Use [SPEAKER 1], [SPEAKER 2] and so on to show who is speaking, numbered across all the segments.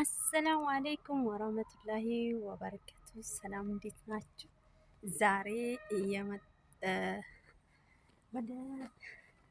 [SPEAKER 1] አሰላሙ አሌይኩም ወረህመቱላሂ ወበረከቱ። ሰላም እንዴት ናችሁ! ዛሬ ወደ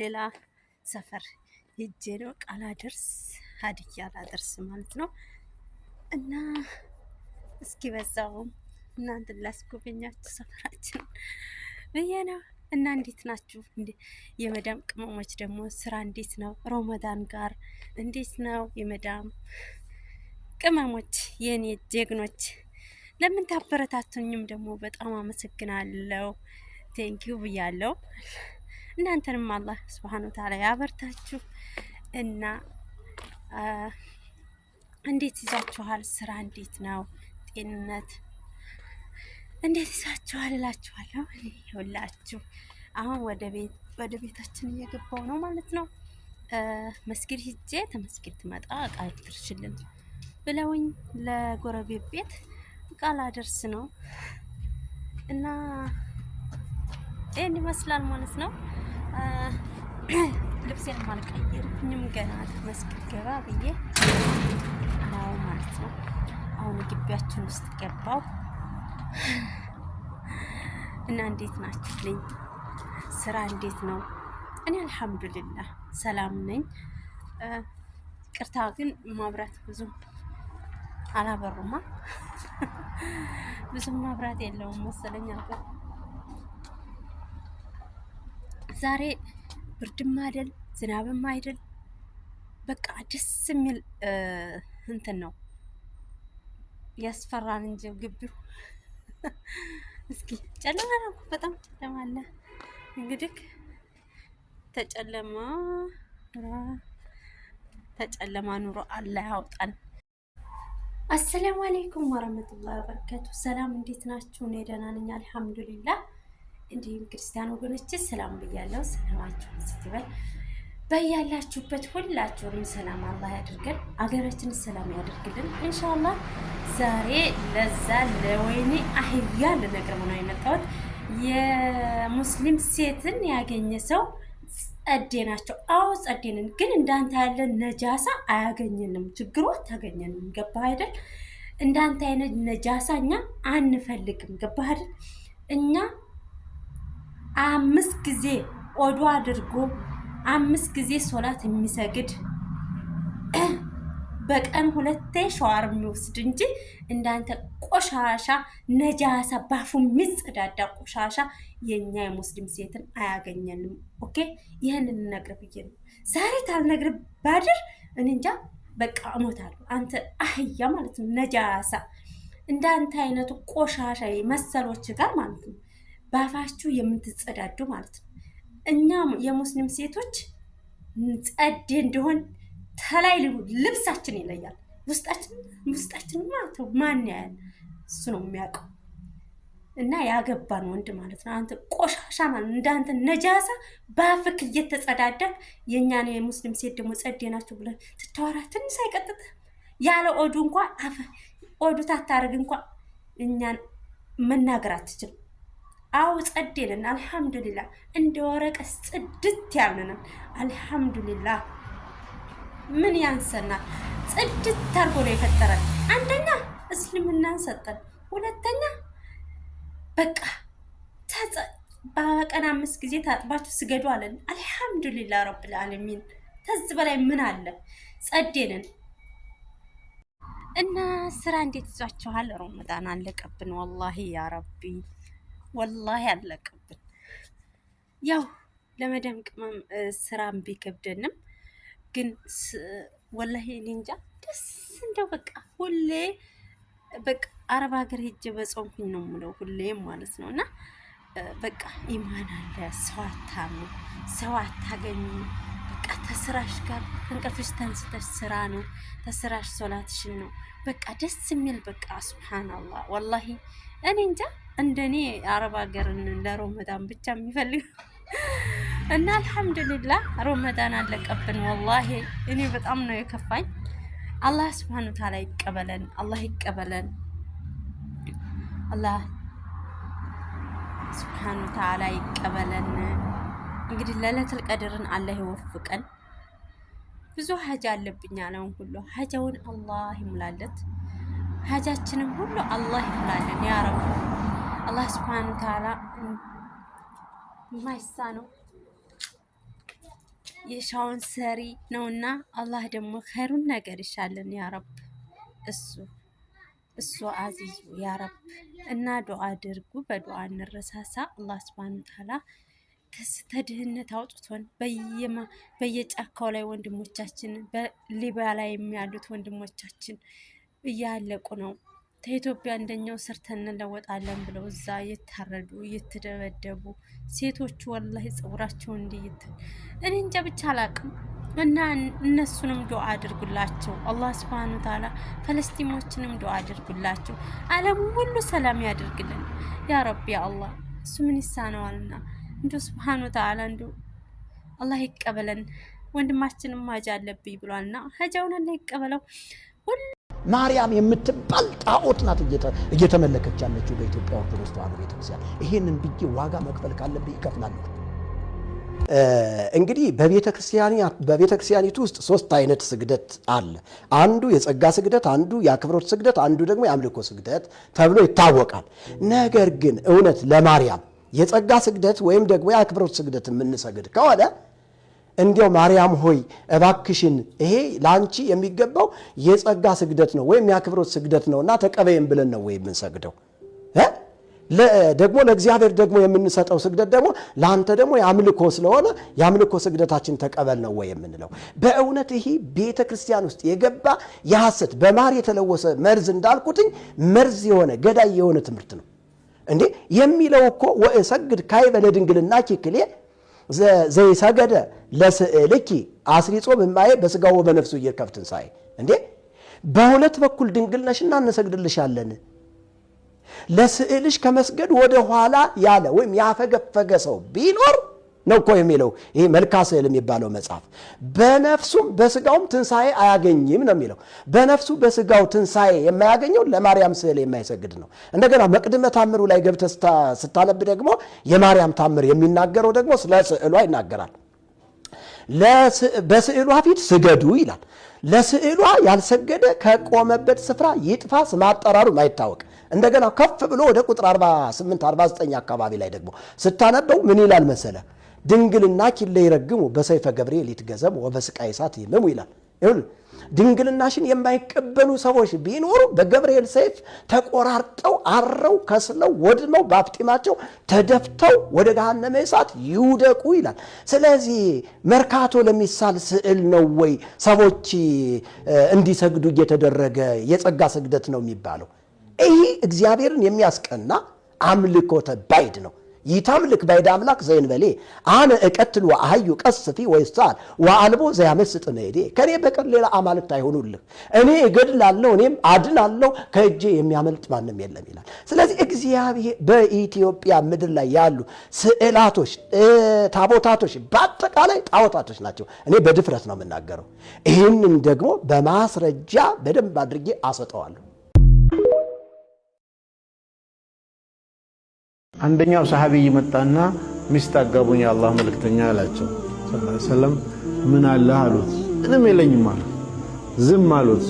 [SPEAKER 1] ሌላ ሰፈር ሂጄ ነው ቃላ ደርስ ሀዲያ ላደርስ ማለት ነው እና እስኪ በዛውም እናንተን ላስጎበኛችሁ ሰፈራችን ብዬ ነው። እና እንዴት ናችሁ? የመዳም ቅመሞች ደግሞ ስራ እንዴት ነው? ሮመዳን ጋር እንዴት ነው የመዳም ቅመሞች የኔ ጀግኖች ለምታበረታቱኝም ደግሞ በጣም አመሰግናለሁ። ቴንኪው ብያለሁ። እናንተንም አላህ ስብሓን ታላ ያበርታችሁ እና እንዴት ይዛችኋል? ስራ እንዴት ነው? ጤንነት እንዴት ይዛችኋል? እላችኋለሁ። ይኸውላችሁ አሁን ወደ ቤት ወደ ቤታችን እየገባው ነው ማለት ነው። መስጊድ ሂጄ ተመስጊድ ትመጣ እቃ ድርሽልን ብለውኝ ለጎረቤት ቤት ቃል አደርስ ነው እና ይህን ይመስላል ማለት ነው። ልብሴን አልቀየርኩኝም ገና መስጊድ ገባ ብዬ አዎ ማለት ነው። አሁን ግቢያችን ውስጥ ገባው እና እንዴት ናችሁልኝ? ስራ እንዴት ነው? እኔ አልሐምዱሊላህ ሰላም ነኝ። ቅርታ ግን ማብራት ብዙ አላበሩማ። ብዙም መብራት የለውም መሰለኝ አልኩት። ዛሬ ብርድም አይደል ዝናብም አይደል በቃ ደስ የሚል እንትን ነው። ያስፈራን እንጂ ግቢው እስኪ ጨለማ ነው፣ በጣም ጨለማ አለ። እንግዲህ ተጨለማ ተጨለማ ኑሮ አለ ያውጣን። አሰላሙ አሌይኩም ወረህመቱላሂ ወበረካቱ። ሰላም እንዴት ናችሁ? እኔ ደህና ነኝ አልሐምዱሊላህ። እንዲሁም ክርስቲያን ወገኖች ሰላም ብያለሁ። ሰላማችሁ ስትበል በያላችሁበት ሁላችሁንም ሰላም አላህ ያድርገን፣ አገራችን ሰላም ያድርግልን። ኢንሻአላህ ዛሬ ለዛ ለወይኔ አህያ ልነግረው ነው የመጣሁት። የሙስሊም ሴትን ያገኘ ሰው ጸዴ ናቸው። አዎ ጸዴንን ግን እንዳንተ ያለ ነጃሳ አያገኘንም። ችግሩ አታገኘንም። ገባህ አይደል? እንዳንተ አይነት ነጃሳ እኛ አንፈልግም። ገባህ አይደል? እኛ አምስት ጊዜ ኦዶ አድርጎ አምስት ጊዜ ሶላት የሚሰግድ በቀን ሁለቴ ሸዋር የሚወስድ እንጂ እንዳንተ ቆሻሻ ነጃሳ ባፉ የሚጸዳዳ ቆሻሻ የእኛ የሙስሊም ሴትን አያገኘንም። ኦኬ ይህን ነግር ብዬ ነው ዛሬ ታልነግር ባድር እንንጃ በቃ እሞታለሁ። አንተ አህያ ማለት ነው ነጃሳ እንዳንተ አይነቱ ቆሻሻ መሰሎች ጋር ማለት ነው ባፋችሁ የምትጸዳዱ ማለት ነው። እኛ የሙስሊም ሴቶች ጸድ እንዲሆን ተላይ ልብሳችን ይለያል። ውስጣችን ውስጣችን ማለት ነው ማን ያያል? እሱ ነው የሚያውቀው። እና ያገባን ወንድ ማለት ነው አንተ ቆሻሻ ማለት እንዳንተ ነጃሳ በአፍክ እየተጸዳዳ ነው የሙስሊም ሴት ደግሞ ጸዴ ናቸው ብለን ትታወራ ትንሽ አይቀጥጥ ያለ ኦዱ እንኳ ኦዱ ታታርግ እንኳ እኛን መናገር አትችልም። አው ጸዴ ነን አልሐምዱሊላ፣ እንደ ወረቀት ጽድት ያልነናል አልሐምዱሊላ። ምን ያንሰናል? ጽድት ታርጎ ነው የፈጠረን። አንደኛ እስልምናን ሰጠን፣ ሁለተኛ በቃ በቀን አምስት ጊዜ ታጥባችሁ ስገዱ አለን። አልሐምዱሊላ ረብል ዓለሚን። በላይ ምን አለ? ጸዴንን እና ስራ እንዴት ይዟችኋል? ረመዳን አለቀብን። ወላሂ ያ ረቢ ወላሂ አለቀብን። ያው ለመደም ቅመም ስራም ቢከብደንም ግን ወላሂ እኔ እንጃ ደስ እንደው በቃ ሁሌ በቃ አረብ ሀገር ሄጄ በጾምኩኝ ነው የምለው ሁሌም ማለት ነው። እና በቃ ኢማን አለ፣ ሰው አታሙ፣ ሰው አታገኙ። በቃ ተስራሽ ጋር እንቅልፍሽ ተንስተሽ ስራ ነው ተስራሽ፣ ሶላትሽን ነው በቃ ደስ የሚል በቃ ስብሓናላህ። ወላሂ እኔ እንጃ እንደኔ አረብ ሀገርን ለሮመዳን ብቻ የሚፈልግ እና አልሐምዱሊላህ ሮመዳን አለቀብን። ወላሂ እኔ በጣም ነው የከፋኝ። አላህ ስብሐነ ወተዓላ ይቀበለን፣ አላህ ይቀበለን። አላህ ስብሐነ ወተዓላ ይቀበለን። እንግዲህ ለለተል ቀድርን አላህ ይወፍቀን። ብዙ ሀጃ አለብኝ አለውን ሁሉ ሀጃውን አላህ ይሙላለት። ሀጃችንም ሁሉ አላህ ይሙላለን። ያ ረብ አላህ ስብሐነ ወተዓላ የማይሳ ነው የሻውን ሰሪ ነውና አላህ ደግሞ ኸይሩን ነገር ይሻለን ያረብ እሱ እሱ አዚዙ ያረብ እና ዱዓ አድርጉ። በዱዓ እንረሳሳ። አላህ ሱብሃነሁ ወተዓላ ከድህነት አውጥቶን በየጫካው ላይ ወንድሞቻችን በሊቢያ ላይ የሚያሉት ወንድሞቻችን እያለቁ ነው። ከኢትዮጵያ አንደኛው ሰርተ እንለወጣለን ብለው እዛ እየታረዱ እየተደበደቡ ሴቶቹ ወላሂ ጸጉራቸው እንዲይት እኔ እንጃ ብቻ አላቅም። እና እነሱንም ዱዓ አድርጉላቸው። አላህ ስብሃነ ወተዓላ ፈለስቲሞችንም ዱዓ አድርጉላቸው። ዓለም ሁሉ ሰላም ያድርግልን ያ ረቢ አላህ። እሱ ምን ይሳነዋልና እንዶ ስብሃነ ወተዓላ እንዶ አላህ ይቀበለን። ወንድማችንም ሀጅ አለብኝ ብሏልና ሀጃውን አላህ ይቀበለው።
[SPEAKER 2] ማርያም የምትባል ጣዖት ናት እየተመለከች ያለችው በኢትዮጵያ ኦርቶዶክስ ተዋሕዶ ቤተክርስቲያን። ይህንን ብዬ ዋጋ መክፈል ካለብኝ ይከፍላለሁ። እንግዲህ በቤተክርስቲያኒቱ ውስጥ ሶስት አይነት ስግደት አለ። አንዱ የጸጋ ስግደት፣ አንዱ የአክብሮት ስግደት፣ አንዱ ደግሞ የአምልኮ ስግደት ተብሎ ይታወቃል። ነገር ግን እውነት ለማርያም የጸጋ ስግደት ወይም ደግሞ የአክብሮት ስግደት የምንሰግድ ከሆነ እንዲያው ማርያም ሆይ እባክሽን ይሄ ለአንቺ የሚገባው የጸጋ ስግደት ነው ወይም የአክብሮት ስግደት ነው እና ተቀበይም ብለን ነው ወይ የምንሰግደው ደግሞ ለእግዚአብሔር ደግሞ የምንሰጠው ስግደት ደግሞ ለአንተ ደግሞ የአምልኮ ስለሆነ የአምልኮ ስግደታችን ተቀበል ነው ወይ የምንለው። በእውነት ይህ ቤተ ክርስቲያን ውስጥ የገባ የሐሰት በማር የተለወሰ መርዝ እንዳልኩትኝ መርዝ የሆነ ገዳይ የሆነ ትምህርት ነው እንዴ የሚለው እኮ ወእሰግድ ካይበለ ድንግልና ኪክሌ ዘይሰገደ ለስዕልኪ አስሪጾ በማየ በስጋው በነፍሱ እየርከብ ትንሣኤ እንዴ በሁለት በኩል ድንግል ነሽና እንሰግድልሻለን። ለስዕልሽ ከመስገድ ወደ ኋላ ያለ ወይም ያፈገፈገ ሰው ቢኖር ነው እኮ የሚለው ይሄ መልካ ስዕል የሚባለው መጽሐፍ። በነፍሱም በስጋውም ትንሣኤ አያገኝም ነው የሚለው። በነፍሱ በስጋው ትንሣኤ የማያገኘው ለማርያም ስዕል የማይሰግድ ነው። እንደገና መቅድመ ታምሩ ላይ ገብተ ስታለብ ደግሞ የማርያም ታምር የሚናገረው ደግሞ ስለ ስዕሏ ይናገራል። በስዕሏ ፊት ስገዱ ይላል። ለስዕሏ ያልሰገደ ከቆመበት ስፍራ ይጥፋ፣ ስም አጠራሩ ማይታወቅ። እንደገና ከፍ ብሎ ወደ ቁጥር 48 49 አካባቢ ላይ ደግሞ ስታነበው ምን ይላል መሰለ? ድንግልና ኪለ ይረግሙ በሰይፈ ገብርኤል ይትገዘሙ ወበስቃይ እሳት ይመሙ ይላል። ድንግልናሽን የማይቀበሉ ሰዎች ቢኖሩ በገብርኤል ሰይፍ ተቆራርጠው አረው ከስለው ወድመው ባፍጢማቸው ተደፍተው ወደ ገሃነመ እሳት ይውደቁ ይላል። ስለዚህ መርካቶ ለሚሳል ስዕል ነው ወይ ሰዎች እንዲሰግዱ እየተደረገ የጸጋ ስግደት ነው የሚባለው? ይህ እግዚአብሔርን የሚያስቀና አምልኮተ ባይድ ነው። ይተምልክ ባይድ አምላክ ዘእንበሌ አነ እቀትል ወአህዩ ቀስፊ ወይሳል ወአልቦ ዘያመስጥ መሄዴ። ከኔ በቀር ሌላ አማልክት አይሆኑልህ። እኔ እገድላለሁ፣ እኔም አድናለሁ፣ ከእጄ የሚያመልጥ ማንም የለም ይላል። ስለዚህ እግዚአብሔር በኢትዮጵያ ምድር ላይ ያሉ ስዕላቶች፣ ታቦታቶች በአጠቃላይ ጣዖታቶች ናቸው። እኔ በድፍረት ነው የምናገረው። ይህንን ደግሞ በማስረጃ በደንብ አድርጌ አሰጠዋለሁ። አንደኛው ሰሐቢይ መጣና ሚስት አጋቡኝ የአላህ መልክተኛ አላቸው ሰለም። ምን አለ አሉት። ምንም የለኝም አለ። ዝም አሉት።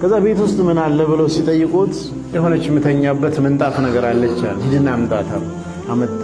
[SPEAKER 2] ከዛ ቤት ውስጥ ምን አለ ብለው ሲጠይቁት የሆነች የምተኛበት
[SPEAKER 3] ምንጣፍ ነገር አለች አለ። ሂድና አምጣት አሉ። አመጣ።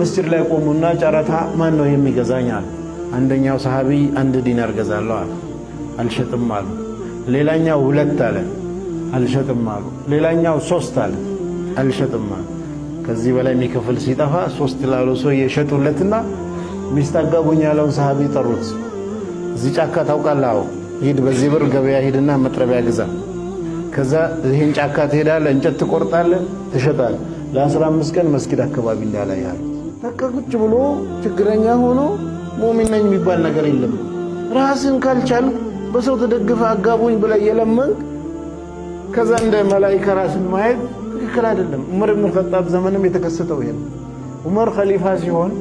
[SPEAKER 3] መስጂድ ላይ ቆሙና ጨረታ ማን ነው የሚገዛኝ አንደኛው ሰሃቢ አንድ ዲናር ገዛለሁ አለ። አልሸጥም አሉ። ሌላኛው ሁለት አለ። አልሸጥም አሉ። ሌላኛው ሶስት አለ። አልሸጥም አሉ። ከዚህ በላይ የሚከፍል ሲጠፋ ሶስት ላሉ ሰው የሸጡለትና ሚስት አጋቡኝ ያለውን ሰሃቢ ጠሩት። እዚህ ጫካ ታውቃለህ? አዎ። ሂድ በዚህ ብር ገበያ ሂድና መጥረቢያ ግዛ። ከዛ ይህን ጫካ ትሄዳለህ፣ እንጨት ትቆርጣለ፣ ትሸጣለህ ትሸጣለህ። ለ15 ቀን መስጊድ አካባቢ እንዳላይ ያሉ በቃ ቁጭ ብሎ ችግረኛ ሆኖ ሙእሚን ነኝ የሚባል ነገር የለም። ራስን ካልቻል በሰው ተደግፈ አጋቡኝ ብለ የለመንክ ከዛ እንደ መላኢካ ራስን ማየት ትክክል አይደለም። ዑመር ኢብኑ ኸጣብ ዘመንም የተከሰተው ይሄ ነው። ዑመር ኸሊፋ ሲሆን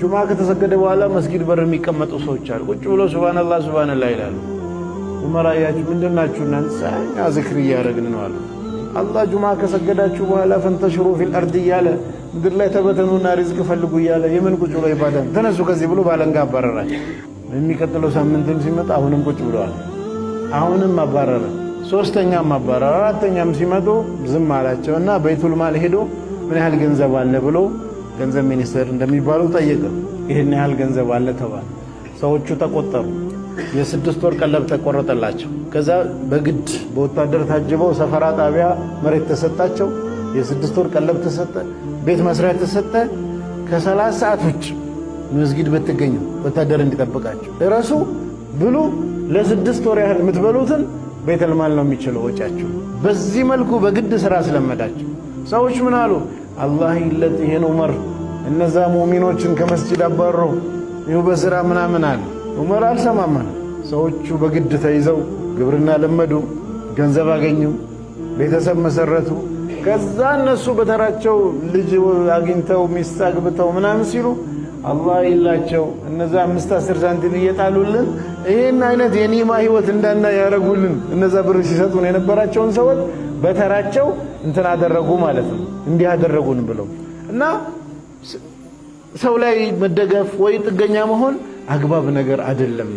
[SPEAKER 3] ጁማ ከተሰገደ በኋላ መስጊድ በር የሚቀመጡ ሰዎች አሉ። ቁጭ ብሎ ሱብሃንአላህ ሱብሃንአላህ ይላሉ። ዑመር አያችሁ ምንድናችሁ እናንሳ እኛ ዝክር እያደረግን ነው አሉ። አላህ ጁማ ከሰገዳችሁ በኋላ ፈንተሽሩ ፊል አርድ እያለ ምድር ላይ ተበተኑና ሪዝቅ ፈልጉ እያለ የምን ቁጭ ብሎ ይባዳል? ተነሱ ከዚህ ብሎ ባለንጋ አባረራቸው። የሚቀጥለው ሳምንትም ሲመጣ አሁንም ቁጭ ብለዋል። አሁንም አባረረ። ሶስተኛም አባረ አራተኛም ሲመጡ ዝም አላቸው እና ቤቱል ማል ሄዶ ምን ያህል ገንዘብ አለ ብሎ ገንዘብ ሚኒስትር እንደሚባለው ጠየቀ። ይህን ያህል ገንዘብ አለ ተባለ። ሰዎቹ ተቆጠሩ። የስድስት ወር ቀለብ ተቆረጠላቸው። ከዛ በግድ በወታደር ታጅበው ሰፈራ ጣቢያ መሬት ተሰጣቸው። የስድስት ወር ቀለብ ተሰጠ። ቤት መስሪያ ተሰጠ። ከሰላሳ ሰዓት ውጭ መስጊድ ብትገኙ ወታደር እንዲጠብቃቸው እረሱ ብሉ። ለስድስት ወር ያህል የምትበሉትን ልማል ነው የሚችለው ወጪያቸው። በዚህ መልኩ በግድ ስራ አስለመዳቸው። ሰዎች ምን አሉ? አላህ ይለት ይሄን ዑመር እነዛ ሙእሚኖችን ከመስጂድ አባሮ ይሁ በስራ ምናምን አለ። ዑመር አልሰማማን። ሰዎቹ በግድ ተይዘው ግብርና ለመዱ፣ ገንዘብ አገኙ፣ ቤተሰብ መሰረቱ። ከዛ እነሱ በተራቸው ልጅ አግኝተው ሚስት አግብተው ምናምን ሲሉ አላህ ይላቸው እነዛ አምስት አስር ሳንቲም እየጣሉልን ይህን አይነት የኒማ ህይወት እንዳና ያደረጉልን እነዛ ብር ሲሰጡን የነበራቸውን ሰዎች በተራቸው እንትን አደረጉ ማለት ነው። እንዲህ አደረጉን ብለው እና ሰው ላይ መደገፍ ወይ ጥገኛ መሆን አግባብ ነገር አይደለም።